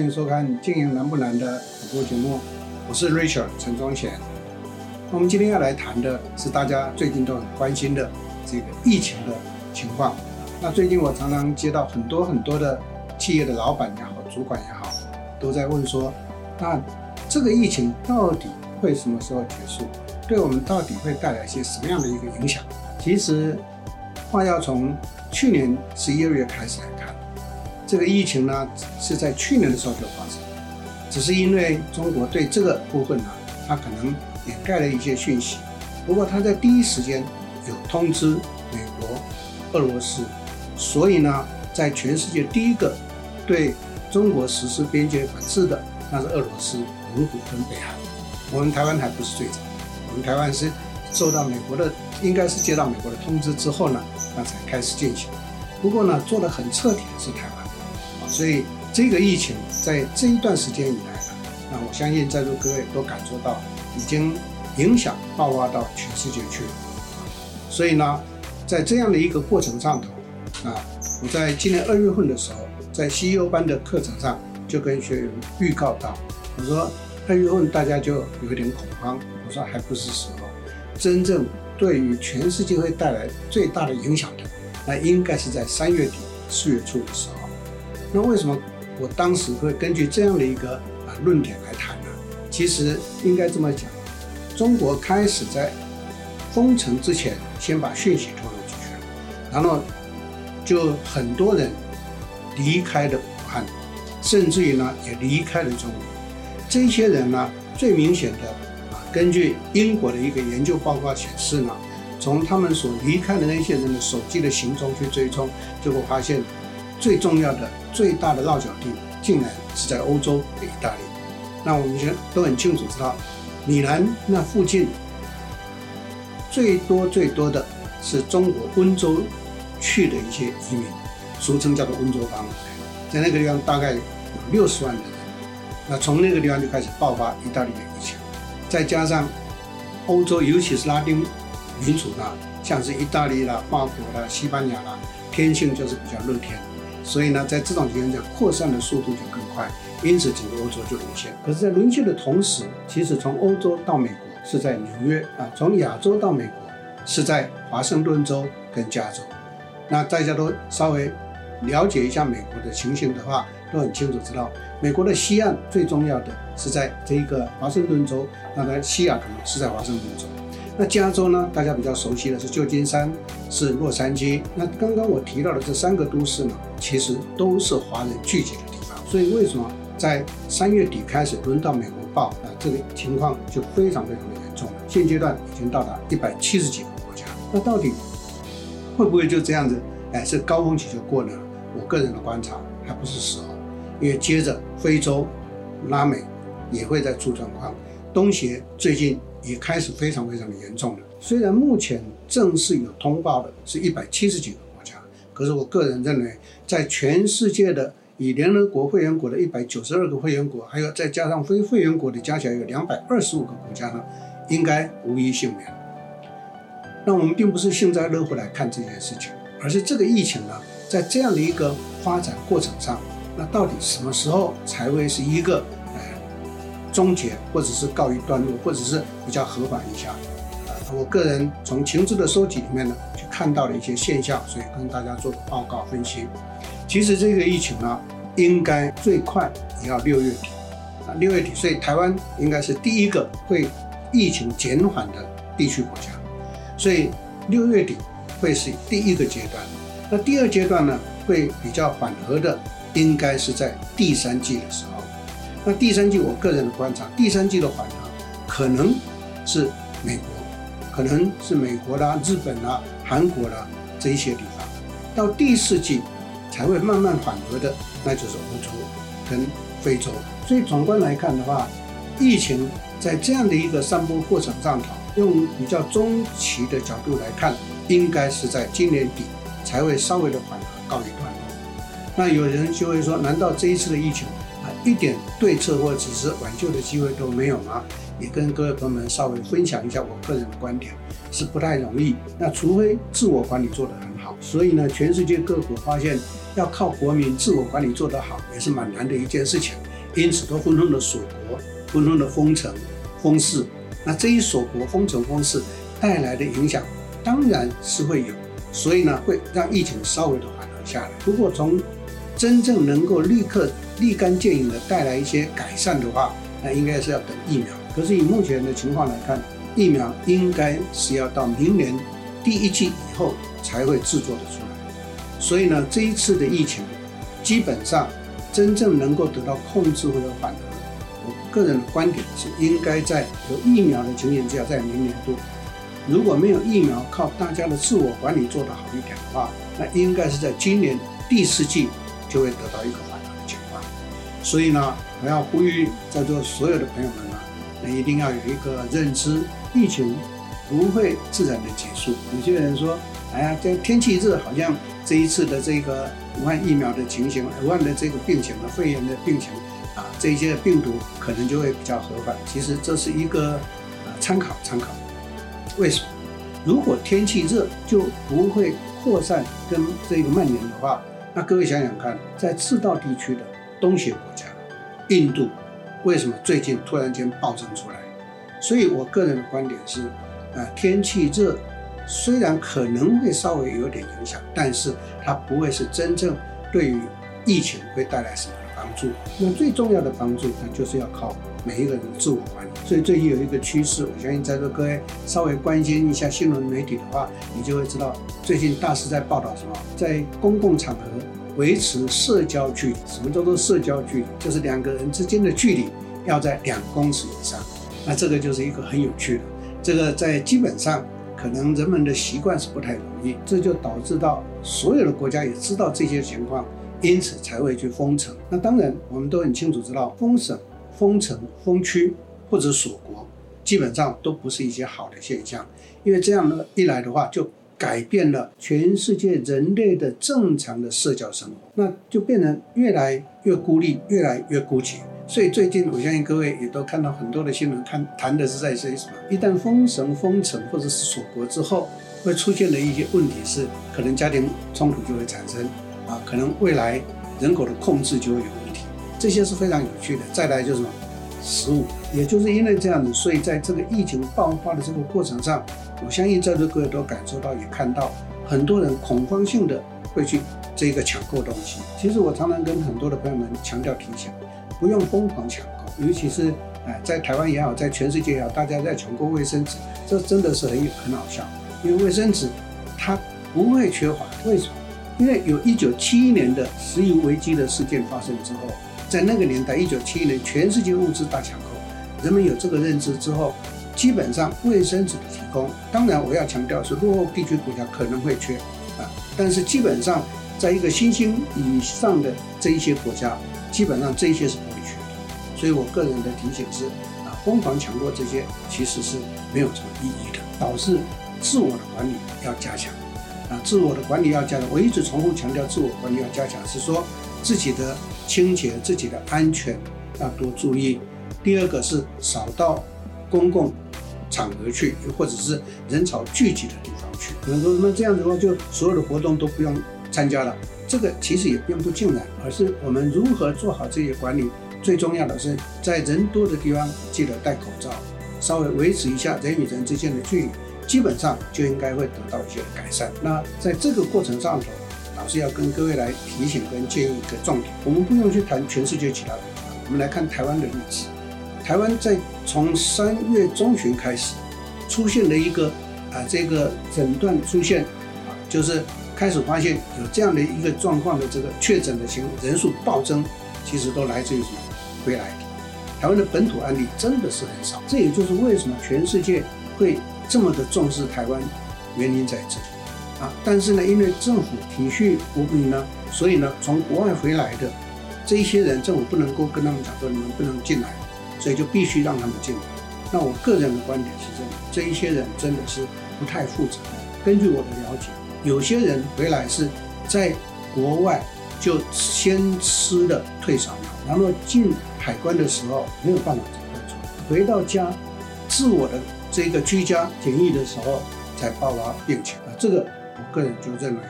歡迎收看《經營難不難》的直播節目，我是 Rachel 陳宗賢。我們今天要來談的是大家最近都很關心的這個疫情的情況。那最近我常常接到很多很多的企業的老闆也好、主管也好，都在問說：那這個疫情到底會什麼時候結束？對我們到底會帶來一些什麼樣的一個影響？其實，話要從去年十一月開始來看。這個疫情呢，是在去年的時候就發生，只是因為中國對這個部分呢、啊，它可能掩蓋了一些訊息。不過它在第一時間有通知美國、俄羅斯，所以呢，在全世界第一個對中國實施邊界管制的，那是俄羅斯、蒙古跟北韓。我們台灣還不是最早，我們台灣是受到美國的，應該是接到美國的通知之後呢，那才開始進行。不過呢，做得很徹底是台灣。所以這個疫情在這一段時間以來呢、啊，那我相信在座各位都感受到，已經影響爆發到全世界去了、啊。所以呢，在這樣的一個過程上頭，啊，我在今年二月份的時候，在 CEO 班的課程上就跟學員預告到，我說二月份大家就有點恐慌，我說還不是時候，真正對於全世界會帶來最大的影響的，那應該是在三月底四月初的時候。那為什麼我當時會根據這樣的一個啊論點來談呢？其實應該這麼講，中國開始在封城之前，先把訊息透露出去，然後就很多人離開了武漢，甚至於呢也離開了中國。這些人呢，最明顯的啊，根據英國的一個研究報告顯示呢，從他們所離開的那些人的手機的行蹤去追蹤，結果發現。最重要的、最大的落腳地，竟然是在歐洲的意大利。那我們現在都很清楚知道，米蘭那附近最多最多的是中國溫州去的一些移民，俗稱叫做溫州幫，在那個地方大概有六十萬的人。那從那個地方就開始爆發意大利的疫情，再加上歐洲，尤其是拉丁民族呢，像是意大利啦、法國啦、西班牙啦，天性就是比較樂天。所以呢，在這種情況下，擴散的速度就更快，因此整個歐洲就淪陷。可是，在淪陷的同時，其實從歐洲到美國是在紐約啊，從亞洲到美國是在華盛頓州跟加州。那大家都稍微了解一下美國的情形的話，都很清楚知道，美國的西岸最重要的是在這一個華盛頓州，那麼西雅圖是在華盛頓州。那加州呢？大家比較熟悉的是舊金山，是洛杉磯。那剛剛我提到的這三個都市呢，其實都是華人聚集的地方。所以為什麼在三月底開始輪到美國爆那，啊，這個情況就非常非常的嚴重了。現階段已經到達一百七十幾個國家。那到底會不會就這樣子？哎，這高峰期就過了？我個人的觀察還不是時候，因為接着非洲、拉美也會再出狀況。東協最近。也開始非常非常的嚴重了。雖然目前正式有通報的是一百七十幾個國家，可是我個人認為，在全世界的以聯合國會員國的一百九十二個會員國，還有再加上非會員國的加起來有兩百二十五個國家呢，應該無一幸免。那我們並不是幸災樂禍來看這件事情，而是這個疫情呢，在這樣的一個發展過程上，那到底什麼時候才會是一個？終結，或者是告一段落，或者是比較緩和一下。啊，我個人從情資的收集裡面呢，就看到了一些現象，所以跟大家做個報告分析。其實這個疫情呢，應該最快也要六月底，啊，六月底，所以台灣應該是第一個會疫情減緩的地區國家，所以六月底會是第一個階段。那第二階段呢，會比較緩和的，應該是在第三季的時候。那第三季，我個人的觀察，第三季的反彈，可能是美國，可能是美國啦、日本啦、韓國啦這一些地方，到第四季才會慢慢緩和的，那就是歐洲跟非洲。所以總觀來看的話，疫情在這樣的一個上坡過程上頭，用比較中期的角度來看，應該是在今年底才會稍微的緩和，告一段落。那有人就會說，難道這一次的疫情一點對策或者只是挽救的機會都沒有嗎？也跟各位朋友們稍微分享一下我個人的觀點，是不太容易。那除非自我管理做得很好，所以呢，全世界各國發現要靠國民自我管理做得好，也是蠻難的一件事情。因此都紛紛的鎖國、紛紛的封城、封市。那這一鎖國、封城、封市帶來的影響當然是會有，所以呢會讓疫情稍微的緩和下來。如果從真正能夠立刻立竿見影的帶來一些改善的話，那應該是要等疫苗。可是以目前的情況來看，疫苗應該是要到明年第一季以後才會製作的出來。所以呢，這一次的疫情，基本上真正能夠得到控制或者緩和，我個人的觀點是應該在有疫苗的情況下在明年度。如果沒有疫苗，靠大家的自我管理做得好一點的話，那應該是在今年第四季。就會得到一個很常的情況，所以呢，我要呼籲在座所有的朋友們呢、啊，一定要有一個認知：疫情不會自然的結束。有些人說：“哎呀，這天氣熱，好像這一次的這個武漢疫苗的情形，武漢的這個病情和肺炎的病情啊，這些病毒可能就會比較和緩。其實這是一個、啊、參考，參考。為什麼？如果天氣熱就不會擴散跟這個蔓延的話？那各位想想看，在赤道地區的東協國家，印度為什麼最近突然間暴增出來？所以我個人的觀點是，呃，天氣熱雖然可能會稍微有點影響，但是它不會是真正對於疫情會帶來什麼的幫助。那最重要的幫助呢，那就是要靠每一個人的自我管理。所以最近有一個趨勢，我相信在座各位稍微關心一下新聞媒體的話，你就會知道最近大肆在報道什麼。在公共場合維持社交距離，什麼叫做社交距離？就是兩個人之間的距離要在兩公尺以上。那這個就是一個很有趣的，這個在基本上可能人們的習慣是不太容易，這就導致到所有的國家也知道這些情況，因此才會去封城。那當然我們都很清楚知道，封省、封城、封區。或者鎖國，基本上都不是一些好的現象，因為這樣呢一來的話，就改變了全世界人類的正常的社交生活，那就變得越來越孤立，越來越孤寂。所以最近，我相信各位也都看到很多的新聞看，看談的是在這些什麼？一旦封城、封城或者是鎖國之後，會出現的一些問題是，可能家庭衝突就會產生，啊，可能未來人口的控制就會有問題。這些是非常有趣的。再來就是什麼？十五，15，也就是因為這樣子，所以在這個疫情爆發的這個過程上，我相信在座各位都感受到，也看到很多人恐慌性的會去這個搶購東西。其實我常常跟很多的朋友們強調提醒，不用瘋狂搶購，尤其是哎，在台灣也好，在全世界也好，大家在搶購衛生紙，這真的是很有很好笑。因為衛生紙它不會缺乏，為什麼？因為有一九七一年的石油危機的事件發生之後。在那個年代，一九七一年，全世界物資大搶購，人們有這個認知之後，基本上衛生紙的提供，當然我要強調是落後地區國家可能會缺，啊，但是基本上，在一個新興以上的這一些國家，基本上這些是不會缺的。所以我個人的提醒是，啊，瘋狂搶購這些其實是沒有什麼意義的，導致自我的管理要加強，啊，自我的管理要加強，我一直重複強調自我管理要加強，是說自己的。清潔自己的安全要多注意，第二個是少到公共場合去，或者是人潮聚集的地方去。有人說，那這樣的話就所有的活動都不用參加了，這個其實也並不盡然，而是我們如何做好這些管理。最重要的是在人多的地方記得戴口罩，稍微維持一下人與人之間的距離，基本上就應該會得到一些改善。那在這個過程上頭。我是要跟各位來提醒跟建議一個重點，我們不用去談全世界其他地方，我們來看台灣的例子。台灣在從三月中旬開始出現了一個啊、呃，這個診斷出現，就是開始發現有這樣的一個狀況的這個確診的情況人數暴增，其實都來自於什麼回來。台灣的本土案例真的是很少，這也就是為什麼全世界會這麼的重視台灣原因在這裡。啊，但是呢，因為政府體恤國民呢，所以呢，從國外回來的這一些人，政府不能夠跟他們講說你們不能進來，所以就必須讓他們進來。那我個人的觀點是這樣：這一些人真的是不太負責。根據我的了解，有些人回來是在國外就先吃的退燒藥，然後進海關的時候沒有辦法檢測出來，回到家自我的這個居家檢疫的時候才爆發病情啊，這個。個人就認為，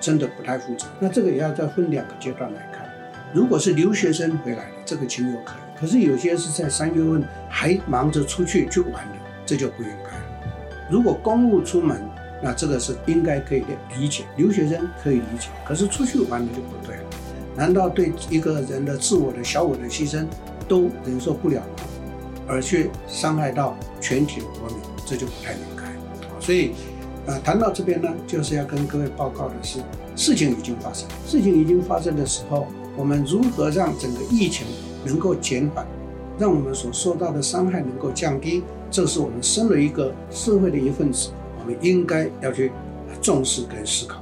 真的不太負責。那這個也要再分兩個階段來看。如果是留學生回來的，這個情有可原；可是有些是在三月份還忙着出去去玩的，這就不應該。如果公務出門，那這個是應該可以理解，留學生可以理解。可是出去玩的就不對了。難道對一個人的自我的小我的犧牲都忍受不了嗎？而去傷害到全體國民，這就不太應該。所以。呃、啊，談到這邊呢，就是要跟各位報告的是，事情已經發生。事情已經發生的時候，我們如何讓整個疫情能夠減緩，讓我們所受到的傷害能夠降低，這是我們身為一個社會的一份子，我們應該要去重視跟思考。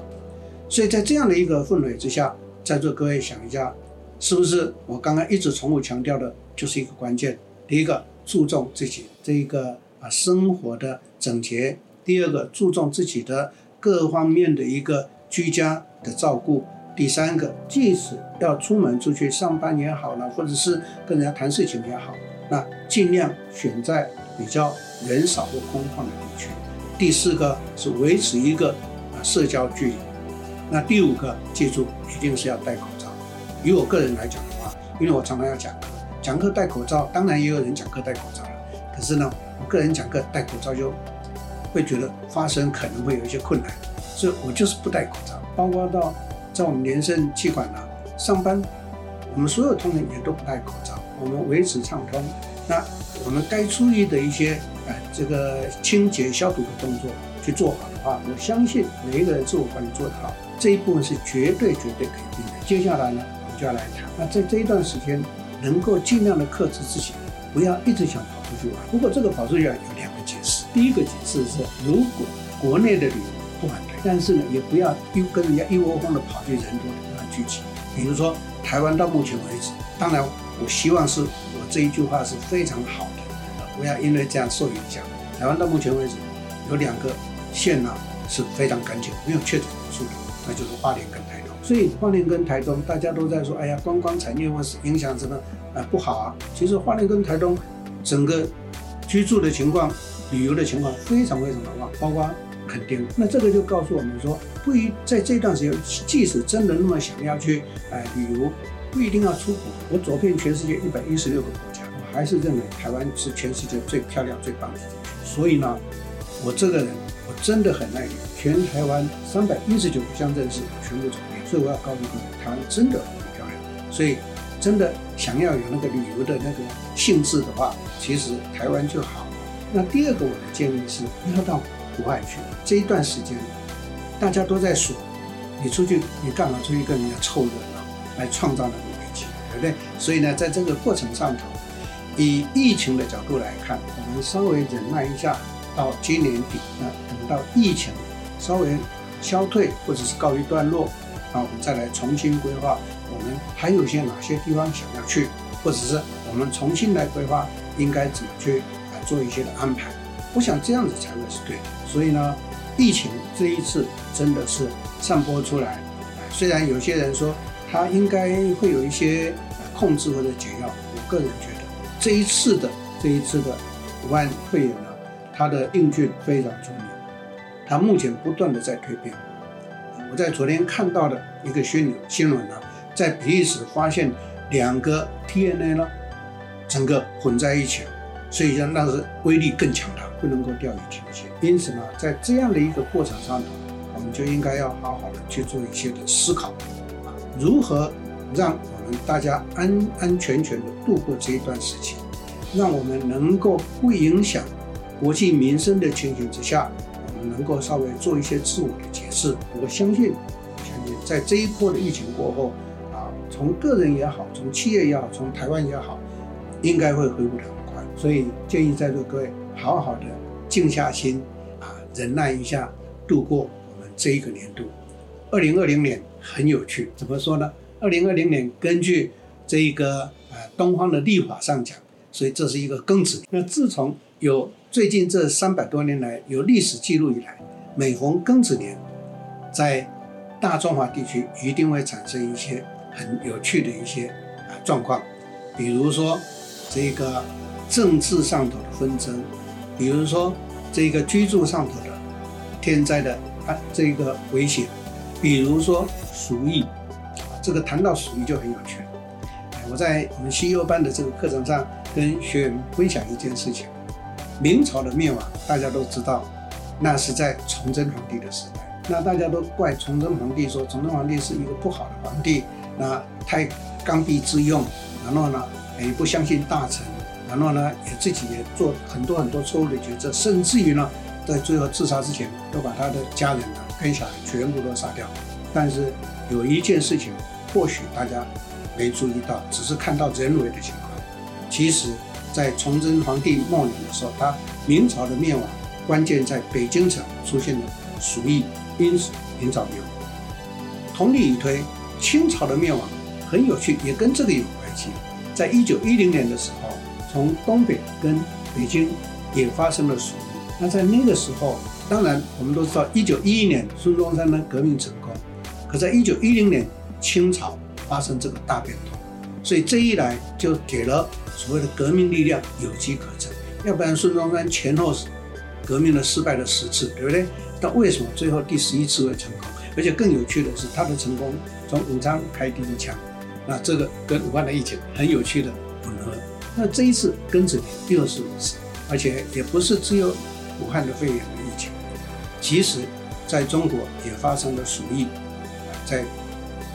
所以在這樣的一個氛圍之下，在座各位想一下，是不是我剛剛一直重複強調的，就是一個關鍵？第一個，注重自己這一個啊生活的整潔。第二個，注重自己的各方面的一個居家的照顧。第三個，即使要出門出去上班也好呢，或者是跟人家談事情也好，那盡量選在比較人少或空曠的地區。第四個是維持一個啊社交距離。那第五個，記住，一定是要戴口罩。以我個人來講的話，因為我常常要講，講課戴口罩，當然也有人講課戴口罩了。可是呢，我個人講課戴口罩就。會覺得發生可能會有一些困難，所以我就是不戴口罩，包括到在我們聯聖企管呢、啊、上班，我們所有同仁也都不戴口罩，我們維持暢通。那我們該注意的一些呃這個清潔消毒的動作去做好的話，我相信每一個人自我管理做得好，這一部分是絕對絕對肯定的。接下來呢，我們就要來談，那在這一段時間能夠盡量的克制自己，不要一直想跑出去玩。如果這個跑出去玩有兩個解釋。第一個解釋是，如果國內的旅遊不反彈，但是呢，也不要又跟人家一窩蜂的跑去人多的地方聚集。比如說，台灣到目前為止，當然我希望是我這一句話是非常好的，不要因為這樣受影響。台灣到目前為止有兩個縣呢，啊，是非常乾淨，沒有確診人數的，那就是花蓮跟台東。所以花蓮跟台東大家都在說，哎呀，觀光產業或是影響什麼啊，不好啊。其實花蓮跟台東整個居住的情況。旅遊的情況非常非常樂旺，包括墾丁。那這個就告訴我們說，不一在這段時間，即使真的那麼想要去哎、呃、旅遊，不一定要出國。我走遍全世界一百一十六個國家，我還是認為台灣是全世界最漂亮、最棒的地方。所以呢，我這個人我真的很愛旅遊。全台灣三百一十九個鄉鎮市全部走遍。所以我要告訴你，台灣真的很漂亮。所以真的想要有那個旅遊的那個性質的話，其實台灣就好。那第二個我的建議是，不要到國外去。這一段時間，大家都在說，你出去，你幹嘛出去跟人家湊熱鬧，來創造那個危機，對不對？所以呢，在這個過程上頭，以疫情的角度來看，我們稍微忍耐一下，到今年底啊，等到疫情稍微消退或者是告一段落，啊，我們再來重新規劃，我們還有些哪些地方想要去，或者是我們重新來規劃應該怎麼去。做一些的安排，我想這樣子才會是對的。所以呢，疫情這一次真的是散播出來，雖然有些人說它應該會有一些控制或者解藥，我個人覺得這一次的這一次的武漢肺炎呢，它的病毒非常重要。它目前不斷的在蛻變。我在昨天看到的一個新新聞呢、啊，在比利時發現兩個 DNA 呢，整個混在一起了。所以像那是威力更強大，不能夠掉以輕心。因此呢，在這樣的一個過程上呢，我們就應該要好好的去做一些的思考，啊，如何讓我們大家安安全全的度過這一段時期，讓我們能夠不影響國計民生的情形之下，我們能夠稍微做一些自我的解釋。我相信，我相信在這一波的疫情過後，啊，從個人也好，從企業也好，從台灣也好，應該會恢復的。所以建議在座各位好好的靜下心啊，忍耐一下，度過我們這一個年度。二零二零年很有趣，怎麼說呢？二零二零年根據這一個呃、啊、東方的曆法上講，所以這是一個庚子年。那自從有最近這三百多年來有歷史記錄以來，每逢庚子年，在大中華地區一定會產生一些很有趣的一些啊狀況，比如說這個。政治上頭的紛爭，比如說這個居住上頭的天災的啊，這個危險，比如說鼠疫，這個談到鼠疫就很有趣。我在我們 CEO 班的這個課程上跟學員分享一件事情：明朝的滅亡，大家都知道，那是在崇禎皇帝的時代。那大家都怪崇禎皇帝說，說崇禎皇帝是一個不好的皇帝，那太剛愎自用，然後呢也不相信大臣。然後呢，也自己也做很多很多錯誤的決策，甚至於呢，在最後自殺之前，都把他的家人呢、啊、跟小孩全部都殺掉。但是有一件事情，或許大家沒注意到，只是看到人為的情況。其實，在崇禎皇帝末年的時候，他明朝的滅亡關鍵在北京城出現了鼠疫，因此明朝滅亡。同理以推，清朝的滅亡很有趣，也跟這個有關係。在1910年的時候，從東北跟北京也發生了鼠疫。那在那個時候，當然我們都知道，一九一一年孫中山呢，革命成功，可在一九一零年清朝發生這個大變動，所以這一來就給了所謂的革命力量有機可乘。要不然孫中山前後是革命的失敗了十次，對不對？但為什麼最後第十一次會成功？而且更有趣的是，他的成功從武昌開第一槍，那這個跟武漢的疫情很有趣的吻合。那這一次庚子年又是如此，而且也不是只有武漢的肺炎的疫情，其實在中國也發生了鼠疫，在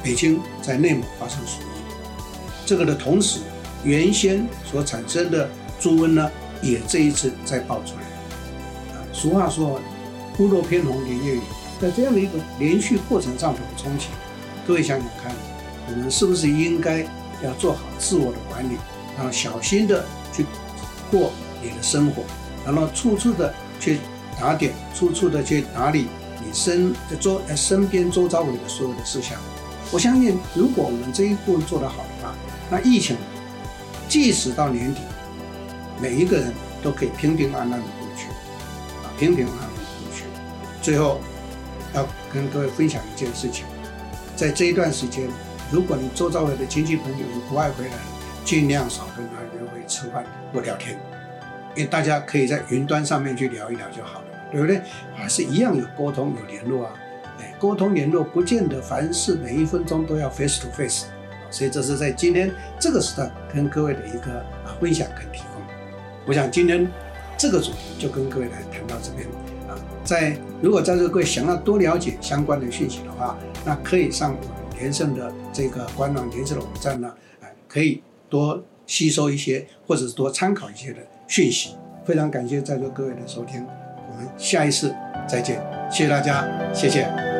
北京、在內蒙發生鼠疫。這個的同時，原先所產生的豬瘟呢，也這一次再爆出來。啊，俗話說“屋漏偏逢連夜雨”，在這樣的一個連續過程上的衝擊，各位想想看，我們是不是應該要做好自我的管理？然後小心的去過你的生活，然後處處的去打點，處處的去打理你身周身邊周遭的所有的事項。我相信，如果我們這一步做得好的話，那疫情即使到年底，每一個人都可以平平安安的過去，啊，平平安安的過去。最後要跟各位分享一件事情，在這一段時間，如果你周遭的親戚朋友從國外回來，盡量少跟他人會吃飯或聊天，因為大家可以在雲端上面去聊一聊就好了，對不對？還是一樣有溝通有聯絡啊，哎，溝通聯絡不見得凡事每一分鐘都要 face to face，所以這是在今天這個時段跟各位的一個啊分享跟提供。我想今天這個主題就跟各位來談到這邊啊，在如果在座各位想要多了解相關的訊息的話，那可以上我們連勝的這個官網、連勝的網站呢，哎，可以。多吸收一些，或者是多參考一些的訊息。非常感謝在座各位的收聽，我們下一次再見，謝謝大家，謝謝。